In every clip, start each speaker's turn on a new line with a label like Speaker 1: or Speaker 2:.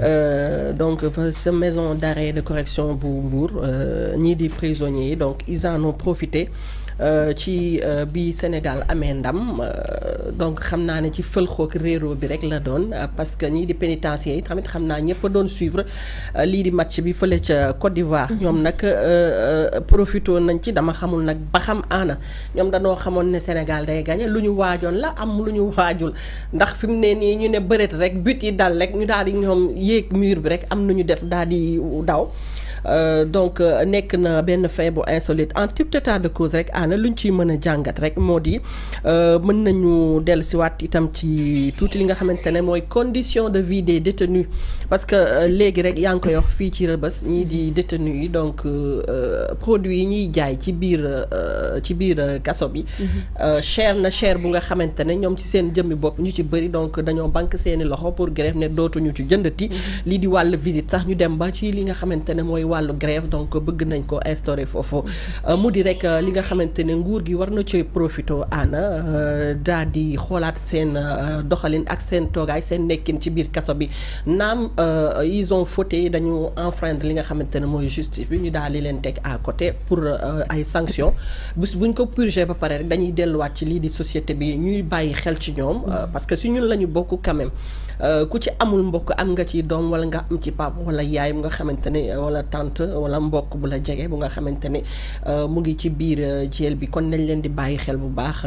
Speaker 1: Euh, donc cette maison d'arrêt de correction pour ni euh, ni des prisonniers donc ils en ont profité Euh, ci euh, bi Sénégal amee ndam euh, donc xam naa ne ci fëlxoog réero bi rek la doon parce que ñii di pénitencier yi tamit xam naa ñëpp doon suivre lii di match bi fële ca Côte d'Ivoire. Mhm. ñoom nag profité nañ ci dama xamul nag ba xam aana ñoom danoo xamoon ne Sénégal day gagné lu ñu waajoon la am lu ñu waajul ndax fi mu ne nii ñu ne bëreet rek but yi dal rek ñu daal di ñoom yéeg mur bi rek am nu ñu def daal di daw. Euh, donc euh, nek na ben fin bu insolite en tout état de cause rek ana luñ ci mëna jangat rek modi euh mëna ñu delsi wat itam ci tout li nga xamantene moy condition de vie des détenus parce que euh, légui rek yang koy wax fi ci rebeus ñi di détenus yi donc produit yi ñi jaay ci biir ci biir kasso bi. Mhm. cher na cher bu nga xamantene ñom ci seen jëmmi bop ñu ci bëri donc dañoo bank seen loxo pour grève ne ñu ci jëndati. Mhm. li di wal visite sax ñu dem ba ci li nga xamantene moy wàllu grève donc bëgg nañ ko instauré foofu euh, mu di rek euh, li nga xamantene nguur gi war na ci profité ana euh, daa di xoolaat seen doxalin ak sen toogaay sen nekkin ci biir kasso bi naam ils ont fauté dañu enfreindre li nga xamantene moy justice bi ñu daal di leen teg à côté pour ay sanctions bis buñ ko purger ba paré rek dañuy wat ci li di société bi ñuy bayyi xel ci ñom parce que si ñun la ñu bokk quand même Euh, ku ci amul mbokk am nga ci doom wala nga am ci pap wala yaay bu nga xamante ne euh, wala tante wala mbokk bu la jege bu nga xamante ne euh, mu ngi ci biir jéel bi kon nañ leen di bàyyi xel bu baax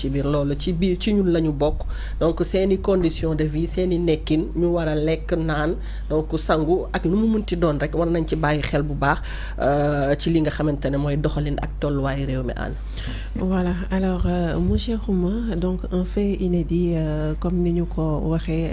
Speaker 1: ci biir loolu ci biir ci ñun la bokk donc seeni condition de vie seeni nekkin ñu war a lekk naan donc sangu ak lu mu munti doon rek war nañ ci bàyyi xel bu baax ci li nga xamante ne mooy doxalin ak tolluwaayu réew mi ànd.
Speaker 2: voilà alors monsieur Khouma donc un fait inédit comme ni ñu ko waxee.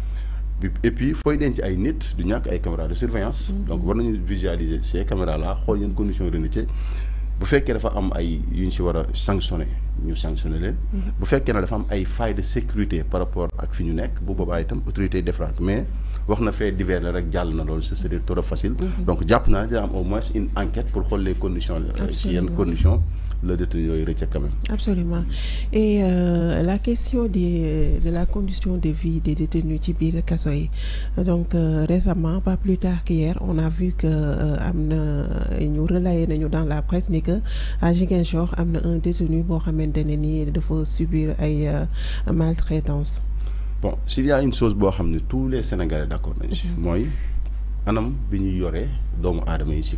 Speaker 3: et puis fooy denc ay nit du ñàkk ay caméras de surveillance mm-hmm. donc war nañu visualiser ces caméras là xool yeen conditions de l'unité. bu fekkee dafa am ay yu ñu si war a sanctionné ñu sanctionné leen mm-hmm. bu fekkee ne dafa am ay failles de sécurité par rapport ak ce ñu nekk bu boobaa itam autorité yi mais on a fait divers la rek jàll na trop facile mm-hmm. donc jàpp naa ne dina am au moins une enquête pour xool les conditions euh, si yenn conditions le détenu
Speaker 2: absolument et euh, la question de la condition de vie des détenus ci biir donc euh, récemment pas plus tard qu'hier on a vu que nous euh, na ñu relayé dans la presse ni que à Ziguinchor un détenu boo de ne de subir ay maltraitance
Speaker 3: bon s'il y a une chose boo tous les Sénégalais d'accord moi un homme venu ici ñuy doomu ici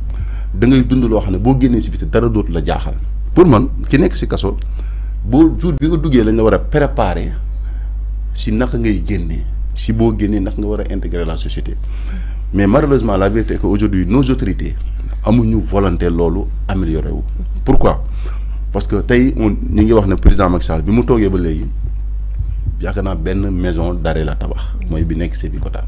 Speaker 3: da ngay dund loo xam ne boo génnee si biti dara dootu la jaaxal pour man ki nekk si kaso boo jour bi nga duggee lañ la war a préparer si naka ngay génnee si boo génnee naka nga war a intégre la société mais malheureusement la vérité est que aujourd'hui nos autorités amuñu volonté loolu améliorer wu. pourquoi parce que tey on ñu ngi wax ne président Macky Sall bi mu toogee ba léegi yaakaar naa benn maison d'arrêt la tabax mooy bi nekk bi Sébikotane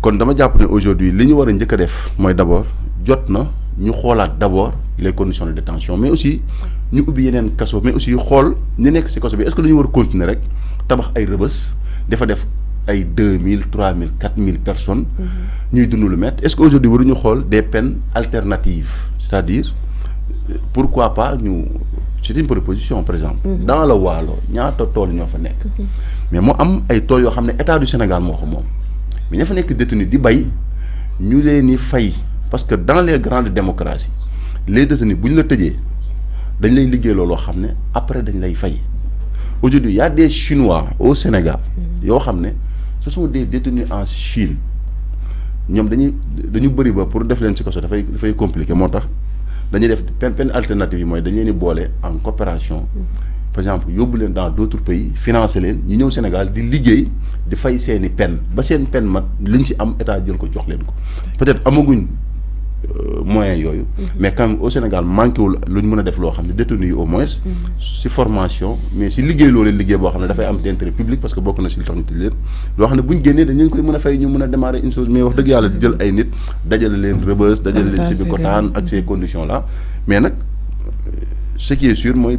Speaker 3: kon dama jàpp ne aujourd'hui li ñu war a def moy d'abord jot ñu d'abord les conditions de détention mais aussi ñu ubbi yenen kasso mais aussi xol ñu nekk ci kasso bi est-ce que nous ñu continuer rek tabax ay rebeus defa def ay deux mille trois personnes. Mm-hmm. ñuy dund lu mettre. est-ce que aujourd'hui ñu xol des peines alternatives c'est-à-dire pourquoi pas ñu c'est une proposition par exemple. Mm-hmm. dans le walo ñaata tool ñoo fa nekk. Mm-hmm. mais moi, am ay tool yo xam état du Sénégal moko mom mais ña fa nekk détenu di bay ñu léni fay parce que dans les grandes démocraties les détenus buñ la tëjee dañ lay liggéey looloo xamné après dañ lay fay aujourd'hui il y a des chinois au Sénégal yoo xam ne ce sont des détenus en Chine ñom dañuy dañu bëri ba pour def leen ci da fay dafay compliqué moo tax dañuy def peine peine alternative moy mooy dañ leen en coopération par exemple yobulen dans d'autres pays financer len ñu ñew Sénégal di liggéey di fay seeni peine ba seen peine mat liñ ci am état jël ko jox len ko peut-être amaguñ euh, moyen yoyu mhm. mais quand au Sénégal manké wul luñ mëna def lo xamné détenu au moins mhm. ci formation mais si liggéey lolé liggéey bo xamné da fay am d' intérêt public parce que bokk na ci tax ñu tëj leen loo xam ne bu ñu dañ leen koy mëna fay ñu mëna démarrer une chose mais wax dëgg yalla jël ay nit dajale dajal len ci bi Sébikotane ak ces conditions là mais nak ce qui est sûr moy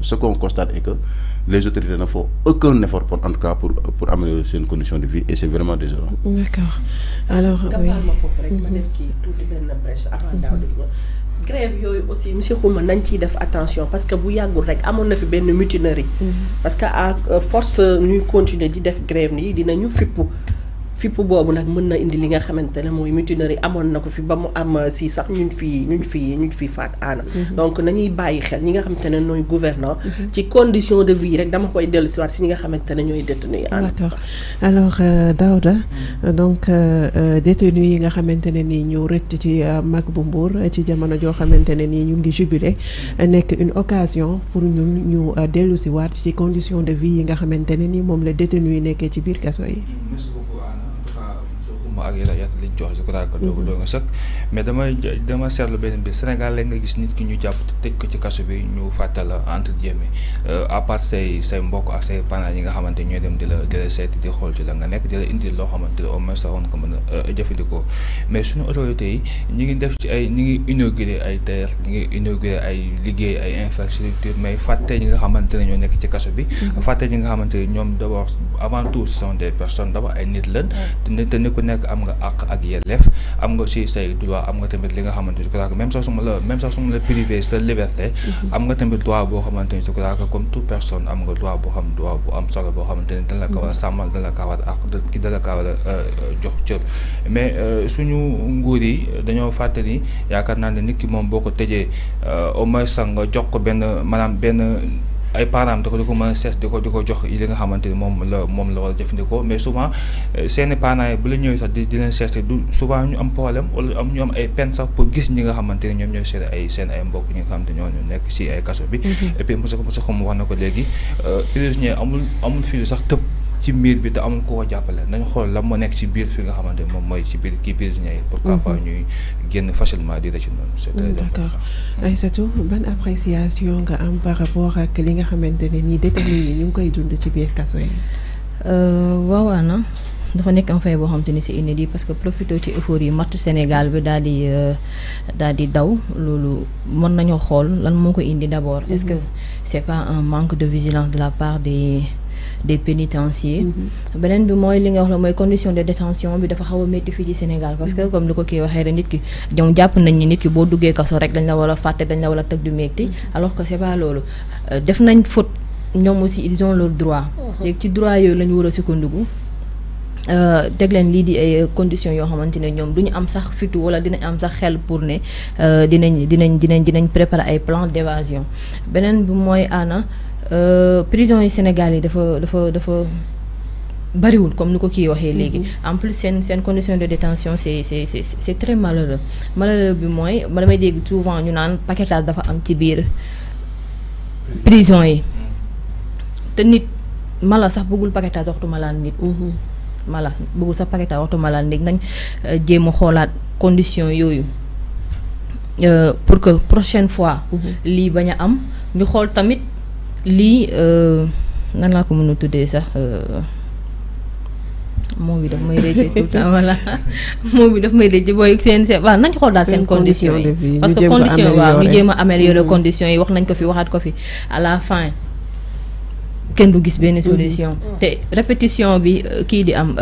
Speaker 3: ce qu'on constate est que les autorités ne font aucun effort, pour, en tout cas, pour, pour améliorer une condition de vie et c'est vraiment désolant.
Speaker 1: D'accord. Alors, oui. Mhm. Mhm. grève aussi monsieur Xuma nañ ciy def attention parce que vous bu yàggul rek amoon na fi ben mutinerie mhm. parce que à euh, force nous continuer di def grève nii fait pour fipp boobu nak mën na indi li nga xamantene moy mooy mutinerie amoon na fi ba am euh, si sax ñun fi ñun fi ñun fi faat ana mhm. donc nañuy bayyi xel ñi nga xamantene noy gouvernant mhm. ci condition de vie rek dama koy dellu si waat si nga xamantene ne détenu d'accord
Speaker 2: alors euh, Daouda euh, donc détenu yi nga xamantene ni nii ñu rëcc ci mag bu mbuur ci jamono jo xamantene ni ñu ngi jubilé nek une occasion pour ñun ñu dellu si waat ci condition de vie yi nga xamantene ni mom moom la détenu yi nekkee ci biir kasso
Speaker 4: yi xam ak yeneen yeneen liñ jox je crois que doo mm-hmm. doo nga sëkk mais dama dama seetlu benn mbir Sénégal léegi nga gis nit ki ñu jàpp tëj ko ci kaso bi ñu fàttal la entre guillemets euh, à part say say mbokk ak say parents yi nga xamante ñooy dem di la di la seeti di xool ci la nga nekk di la indil loo xamante ne au moins sax woon ko mën a euh, jëfandikoo mais suñu autorités yi ñi ngi def ci ay ñi ngi inauguré ay terre ñi ngi inauguré ay liggéey ay infrastructure mais fàtte ñi nga xamante ne ñoo nekk ci kaso bi mm-hmm. fàtte ñi nga xamante ne ñoom d'abord avant tout ce sont des personnes d'abord ay nit lañ te ni ku nekk am nga àq ak yelleef am nga si say droit am nga tamit li nga xamante ni je crois que même sax su ma la même sax su ma privé sa liberté mhm. am nga tamit droit boo xamante ni je crois que comme toute personne am nga droit boo xam droit bu am solo boo xamante ni dana la ko war a mhm. sàmmal dana war a àq ki dana la war a euh, euh, jox cër mais euh, suñu nguur yi dañoo fàtte ni yaakaar naa ne nit ki moom boo ko tëjee au moins sax nga jox ko benn maanaam benn ay parents da ko da ko mën a seet di ko di ko jox li nga xamante moom la moom la war a jëfandikoo mais souvent euh, seeni parents yi bu la ñëwee sax di di leen seet du souvent ñu am problème wala am ay peine sax pour gis ñi nga xamante ñoom ñooy seen ay seen ay mbokk ñi nga xamante ñoo nekk si ay kaso bi mm-hmm. et puis monsieur monsieur Xom wax na ko léegi euh, prisonnier amul amul fii sax tëb ci mbir bi te amul ku ko jàppale nañ xool la moo nekk ci biir fi nga xamante moom mooy ci biir kii prisonniers ñay pourquoi mhm. pas ñuy génn facilement di rëcc noonu
Speaker 2: d'accord Aïssatou ban appréciation nga am par rapport
Speaker 5: ak li nga xamante ne nii détenu yi ñu ngi koy dund ci biir kaso yi euh, waaw ana dafa nekk am fay boo xam te ni c'est inédit parce que profité ci effort yi matt Sénégal bi daal di euh, daal di daw loolu mën nañu xool lan moo ko indi d'abord est-ce mhm. que c'est pas un manque de vigilance de la part des des pénitenciers mhm. Benen bi li nga la condition de détention bi dafa xawa a des ci Sénégal parce que mhm. comme le ki kii waxee nit ki ñoom japp nañ ni nit ki bo duggé kasso la mhm. alors que c'est pas euh, def aussi ils ont leur droit de ci droit euh, conditions pour dinañ dinañ préparer ay plan d'évasion benen bu moy euh, prison yi Sénégal yi dafa dafa dafa bariwul comme ni ko kii waxee mm-hmm. en plus seen seen condition de détention c'est c'est c'est c'est très malheureux malheureux bi mooy ma damay dégg souvent ñu naan paquetage dafa am ci biir prison yi mm-hmm. te nit mala sax bëggul paquetage waxtu malaan nit mm-hmm. mala bëggul sax paquetage waxtu malaan nit nañ euh, jéem a xoolaat condition yooyu euh, pour que prochaine fois lii bañ a am ñu xool tamit li euh, nan la ko mën tuddé sax tout euh, temps voilà bi may condition parce que condition mm-hmm. condition yi wax nañ ko fi ko fi à la fin kenn du gis une mm-hmm. solution mm-hmm. té répétition bi euh, ki di am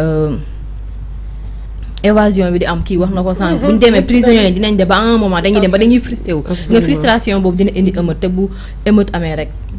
Speaker 5: évasion bi di am ki wax un moment dañuy ba dañuy wu nga frustration bobu dina bu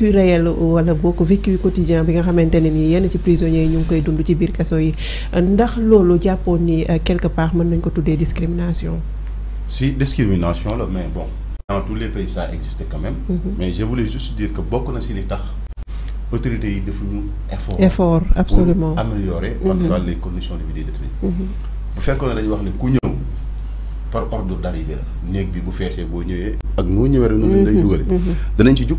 Speaker 2: vécu réel wala bokk vécu quotidien bi nga xamante ne nii ci prisonniers nous ñu koy dund ci biir kasso yi ndax lolu japon ni euh, quelque part mën nañ ko des discrimination.
Speaker 3: si discrimination la mais bon. dans tous les pays ça existe quand même. Mm-hmm. mais je voulais juste dire que bokku na ci li tax. autorités yi ñu effort. effort absolument améliorer. en tout mm-hmm. les conditions de vie des détenus. Mm-hmm. bu fekkone dañ wax ni ku ñëw par ordre d'arrivée n'est la néeg bi bu fessé bo ñëwee. ak noo ñëwé rek noonu lay ci juk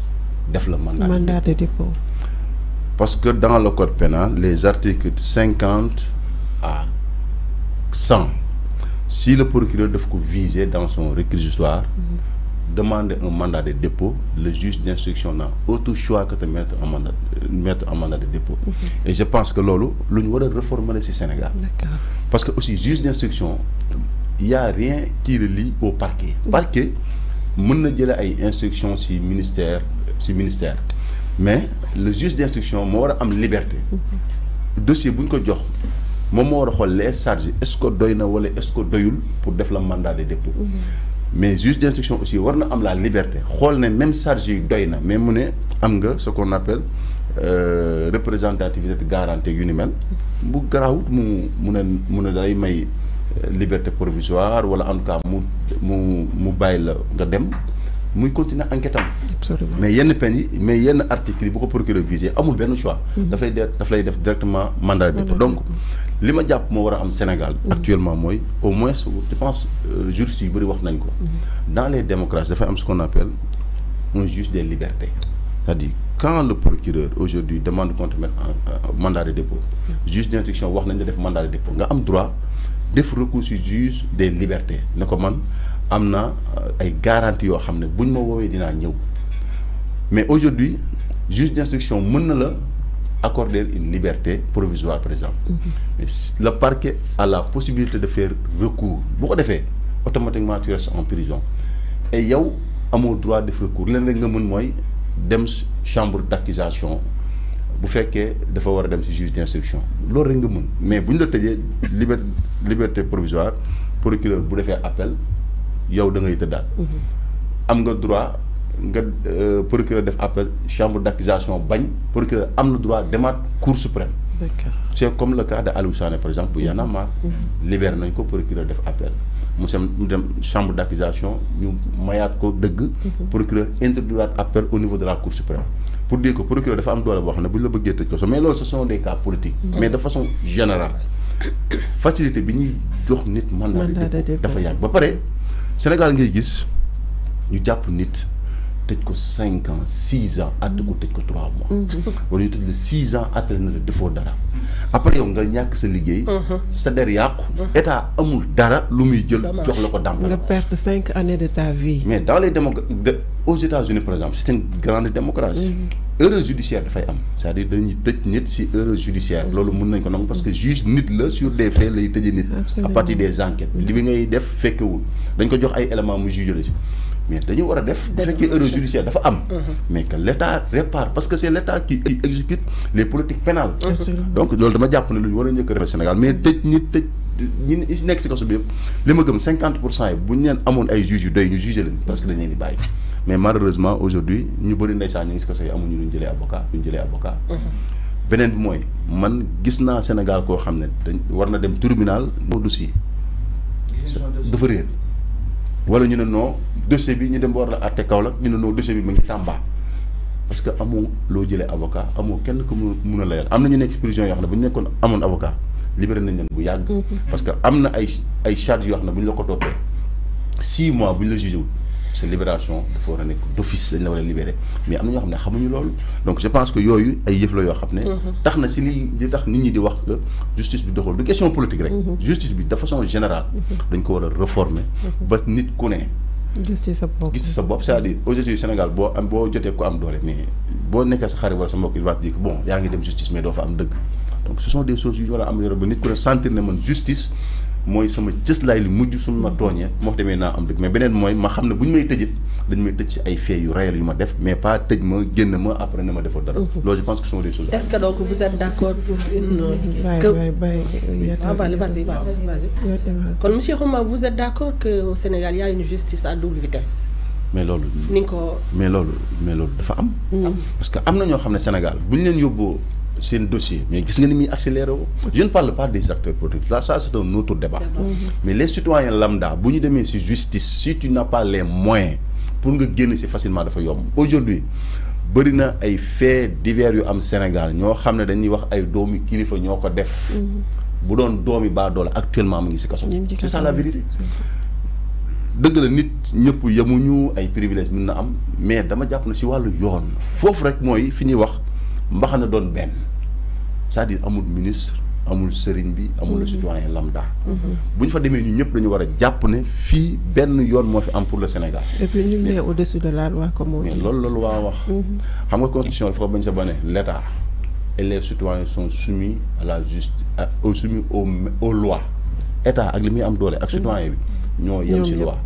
Speaker 3: le
Speaker 2: mandat de dépôt
Speaker 3: parce que dans le code pénal les articles 50 à 100 si le procureur de viser dans son réquisitoire
Speaker 5: mm-hmm.
Speaker 3: demander un mandat de dépôt le juge d'instruction n'a aucun choix que de mettre un mandat mettre mandat de dépôt mm-hmm. et je pense que Lolo, lu devons réforme Sénégal parce que aussi juge d'instruction il n'y a rien qui relie au parquet mm-hmm. parquet y a une instruction instructions ministère si ministère mais le juge d'instruction moo war a am liberté dossier bu ñu ko jox moom moo les charges est-ce que doy na wala est-ce que doyul pour def la mandat de dépôt mhm. mais juge d'instruction aussi war na am la liberté xool ne même charge yi doy na mais mu ne am nga ce qu'on appelle euh, représentativité garantie yu ni mel bu garaawut mu day may euh, liberté provisoire wala en tout cas mu mu mu la nga dem muy continuer enquête am mais yenn peine a mais yenn qui yi bu ko procureur visé amul ben choix hum. da fay def daf lay def directement mandat de dépôt donc lima magistrats mo wara Sénégal hum. actuellement au moins je pense euh, je yu bari wax nañ ko hum. dans les démocraties y am ce qu'on appelle un juge des libertés c'est-à-dire quand le procureur aujourd'hui demande un mandat de dépôt juge d'instruction wax nañ la def mandat de dépôt nga am droit def recours le juge des libertés ne ko man amna euh, ay garantie yo xamné buñ ma wowe dina ñew mais aujourd'hui juge d'instruction mën na la accorder une liberté provisoire par exemple mhm. mais le parquet a la possibilité de faire recours bu ko défé automatiquement tu restes en prison et yow amo droit faire recours leen rek nga mën moy dem chambre d'accusation bu féké dafa wara dem ci juge d'instruction lool rek nga mën mais buñ la tëjee liberté liberté provisoire procureur bu faire appel yow da ngay tëddaat am nga droit nga euh, procureur def appel chambre d'accusation pour procureur am na droit la cour suprême c'est comme le cas de Aliou par exemple yana y a mm-hmm. marre pour mm-hmm. nañ ko procureur def appel mu sem dem chambre d'accusation ñu mayat ko dëgg mm-hmm. procureur introduiraat appel au niveau de la cour suprême pour dire que procureur dafa am doole bo xam la bëggee tëj mais lolu ce sont des cas politiques mais de façon générale facilité bi jox nit mandat dafa yàgg ba paré Sénégal ngay gis ñu jàpp nit peut-être que 5 ans, 6 ans, à deux peut que 3 mois. Au lieu de 6 ans, à traîner le défaut d'Ara. Après, on a gagné ce ligue, ça derrière, et à Amul Dara, l'humidien, tu as le coup d'Amul. Tu perdre 5 années de ta vie. Mais dans les démocraties, aux États-Unis, par exemple, c'est une grande démocratie. Heure mhm. judiciaire de Fayam. C'est-à-dire, de n'y être ni si heure judiciaire. L'autre monde n'est pas parce que juge n'y là sur des faits, les états À partir des enquêtes. L'ibéné est fait que vous. L'inconjure a élément à juger mais dañu war def bu fekkee erreur judiciaire dafa am mhm. mais que l'état état répare parce que c'est l'état qui exécute les politiques pénales donc lolu dama japp ne lu wara ñëk a Sénégal mais tej ni tej ñi nek ci kasso bi yëpp li ma gëm cinquante pour leen amone ay juges yu doy ñu juger leen parce que dañ leen di bàyyi mais malheureusement aujourd'hui ñu bari ndeysaan ñi ngi si kaso yi amuñu lu ñu avocat lu jëlé avocat mhm. benen moy man gis naa Sénégal koo xam ne dañ war na dem tribunal dossier dafa réer wala ñu ne non dossier bi ñu dem war la àtte Kaolack ñu ne non dossier bi mu ngi Tamba parce que amoo lo jëlé avocat amoo kenn ko mëna layal amna ñu nek prison yo xam buñu bu amon avocat libéré nañ leen bu yag mm-hmm. parce que amna ay ay charge yo xam buñu bu ñu la ko toppee six mois buñu la jugé wul libération dafa war a nekk d'office lañ la wala a libéré mais amna na xamné xamuñu lool donc je pense que yoyu ay yëf la yoo xam ne. Mm-hmm. tax li di tax nit ñi di wax que justice bi doxul du question politique rek. Mm-hmm. justice bi de façon générale. dañ ko wara réformer. ba nit ku ne
Speaker 2: justice à sa justice à
Speaker 3: bob c'est-à-dire aujourd'hui Sénégal boo am boo jotee ko am doole mais boo nekkee sa xarit wala sa mbokk il va dire que bon yaa ngi dem justice mais doo fa am dëgg donc ce sont des choses yu war a am ba nit ku sentir ne man justice moy sama cëslaay li mujj sunna togné mo démé na am dëgg mais benen moy ma xam buñ bu ñu may tëjit dañ may tëj ci ay faits yu réel yu ma def mais pas tejj ma génn ma après ne ma defal dara. Mhm. lo je pense que ce sont des choses. est-ce
Speaker 1: que donc vous êtes d'accord pour une. bàyyi bàyyi bàyyi kon monsieur Khouma vous êtes d'accord que au Sénégal il y a une justice à double vitesse.
Speaker 3: mais loolu. ni ko mais loolu mais loolu dafa am. Mm. parce que amna ño xamné Sénégal buñ ñu yobbo seen dossier mais gis nga ni accéléré je ne parle pas des acteurs politiques là ça c'est un autre débat mhm. mais les citoyens lambda bu ñu demee ci justice si tu n'as pas les moyens pour nga génn ci facilement dafa yomb aujourd'hui bëri na ay faits divers yu am Sénégal ñoo xam ne dañuy wax ay doomi kilifa ñoo ko def mhm. bu doon doomi baadoola actuellement mu ngi ci kaso c'est ça la vérité dëgg la nit ñëpp yemuñu ay privilèges mën na am mais dama jàpp na ci wàllu yoon foofu rek mooy fi ñuy wax mbaxana c'est-à-dire amul ministre amul serigne bi amul le mhm. citoyen lambda. Mhm. bu ñu fa démé ñu ñëpp dañu wara japp né fi fii yoon mo fi am pour le Sénégal. et puis ñu ngi au-dessus
Speaker 2: de la loi comme on
Speaker 3: dit. mais loolu la wax. Mhm. xam nga constitution dafa ko bañ sa bané l'État et les citoyens sont soumis à la justice au soumis au aux lois État ak limi am doole ak citoyen bi. ñoo yëm ci loi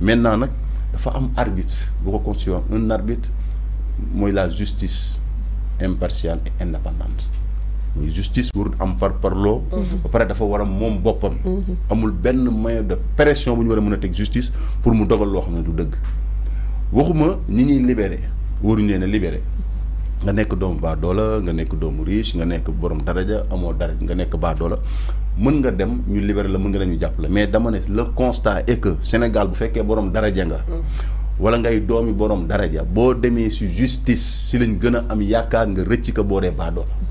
Speaker 3: maintenant nak dafa am arbitre bu ko constitution un arbitre moy la justice impartiale et indépendante. justice warul am par parloo. Mhm. ba pare dafa war a moom boppam. Mhm. amul benn moyen de pression bu ñu war a mën a teg justice pour mu dogal loo xam ne du dëgg. waxuma ñi ñuy libéré waruñu leen a libéré nga nekk doomu baadoola nga nekk doomu riche nga nekk borom daraja amoo daraja nga nekk baadoola mën nga dem ñu libere la mën nga dañu jàppale mais dama ne la constat est Sénégal bu fekkee borom daraja nga. Mhm. wala ngay doomi borom daraja boo demee si justice si lañ gën a am yaakaar nga rëcc ko boo dee baadoola.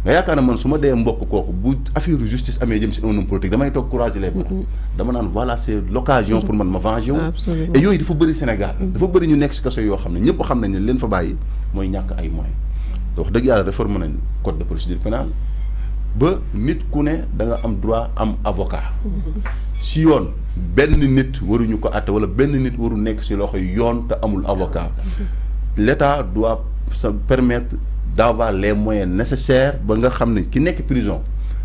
Speaker 3: nga yaakaar man su day dee mbokk kooku bu affaire justice amé jëm ci onum politique damay tok croiser les bras dama naan voilà c'est l'occasion pour man ma venger wu et yooyu dafa beuri Sénégal mm-hmm. dafa beuri ñu nek ci kaso yo xamné ñepp ñëpp ni nañ leen fa bayyi moy ñak ay moyens wax dëgg yàlla réforme nañ code de procédure pénale ba nit ku ne da nga am droit am avocat mm-hmm. si yoon benn nit waruñu ko atté wala benn nit waru nekk si loxoy yoon te amul avocat mm-hmm. l'état doit se permettre d'avoir les moyens nécessaires pour nga xam ne ki en prison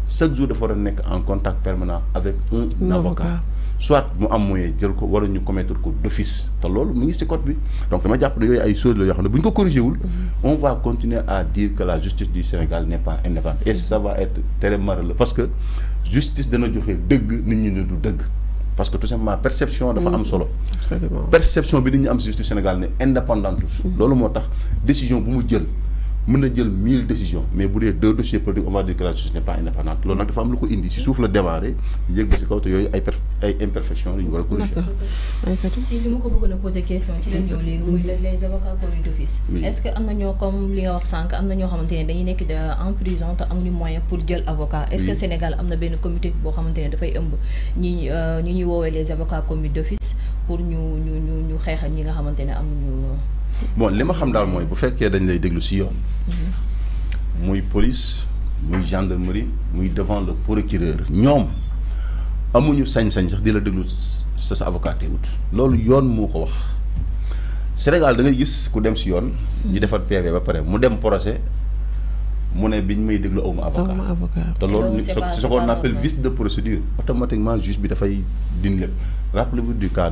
Speaker 3: chaque jour il war être en contact permanent avec un avocat soit mu am moyen moyens ko wala ñu commettre ko d'office c'est loolu mu ngi ci code bi donc dama jàpp ne yooyu ay choses la mm-hmm. on va continuer à dire que la justice du Sénégal n'est pas indépendante et ça va être très mal. parce que justice de joxe dëgg nit ñi ne du parce que tout simplement perception de am mm-hmm. solo perception de nit ñi am justice Sénégal est indépendante c'est mm-hmm. moo la décision bu mu jël mën jël 1000 décisions mais bu dee deux dossiers politiques on va dire que n'est pas indépendante loolu nag dafa am lu ko indi si souf la démarré yëg ci kaw te yooyu ay ay imperfections wara corriger
Speaker 5: war a tout si li ma ko bëggoon a poser question ci leen ñëw légui muy les avocats commis d'office est-ce que am na ñoo comme li nga wax sank am na ñoo xamante dañuy nekk en prison te amuñu moyen pour jël avocat est-ce que Sénégal am na benn comité boo xamante ne dafay ëmb ñi euh, ñi ñuy woowee les avocats commis d'office pour ñu ñu ñu ñu xeexal ñi nga xamante ne amuñu
Speaker 3: bon ce que xam sais, c'est bu dañ lay déglu les mhm. police la gendarmerie devant le procureur ils amuñu sañ-sañ sax déglu avocat. C'est ce Sénégal da ngay gis dem si mhm. PV ba mu procès mu ne biñ may déglu avocat c'est qu'on appelle vice de procédure automatiquement juge rappelez-vous du cas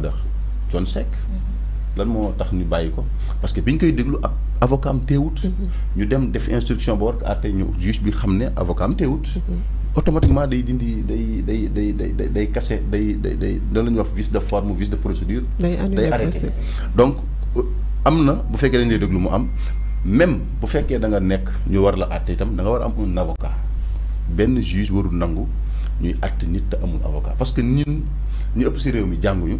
Speaker 3: John Seck mhm lan mo tax ñu bayiko parce que biñ koy déglu avocat am teewut. Mhm. ñu dem def instruction ba war ñu juge bi xamné avocat am teewut. Mhm. automatiquement day dindi day day day day day kase day day day loolu la ñuy wax vice de forme vice de procédure. day arrêter donc euh, amna bu féké dañ lay déglu mu am même bu féké da nga nek ñu war la àtte tam da nga war am un avocat ben juge waru nangu ñuy àtte nit te amul avocat parce que ñun ñu ëpp ci réew mi jangu ñu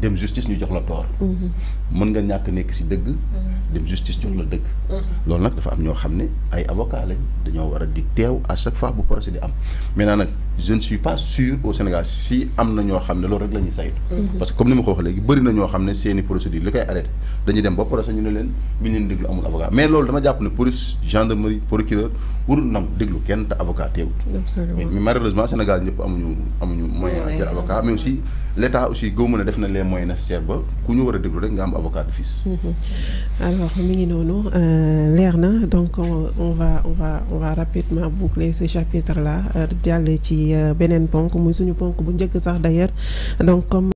Speaker 3: dem justice ñu jox la tort mm-hmm. mën nga ñak nek ci dëgg mm-hmm. dem justice jox la dëgg mm-hmm. lool nak dafa am ño xamné ay avocat lañ dañoo wara a di teew à chaque fois bu procédé am mais nak je ne suis pas sûr au Sénégal si am na ñoo xam ne rek la ñuy parce que comme ni ma ko wax légui bari na ñoo xamné ne seeni procédure likay koy arrêté dañuy dem ba procès ñu ne leen bi ñu leen déglu amul avocat mais loolu dama japp ne police gendarmerie procureur warul nam déglu kenn avocat teewut. mais malheureusement Sénégal ñëpp amuñu amuñu moyen jël avocat mais aussi l'État aussi góobu na def na les moyens nécessaires ba ku ñu wara déglu rek nga am avocat de fils.
Speaker 2: Mhm. alors mi ngi euh leer na donc on va on va on va rapidement boucler ce
Speaker 4: chapitre là euh, jàll ci. ci euh, beneen ponk muy suñu ponk bu njëkk sax d'ailleurs donc comme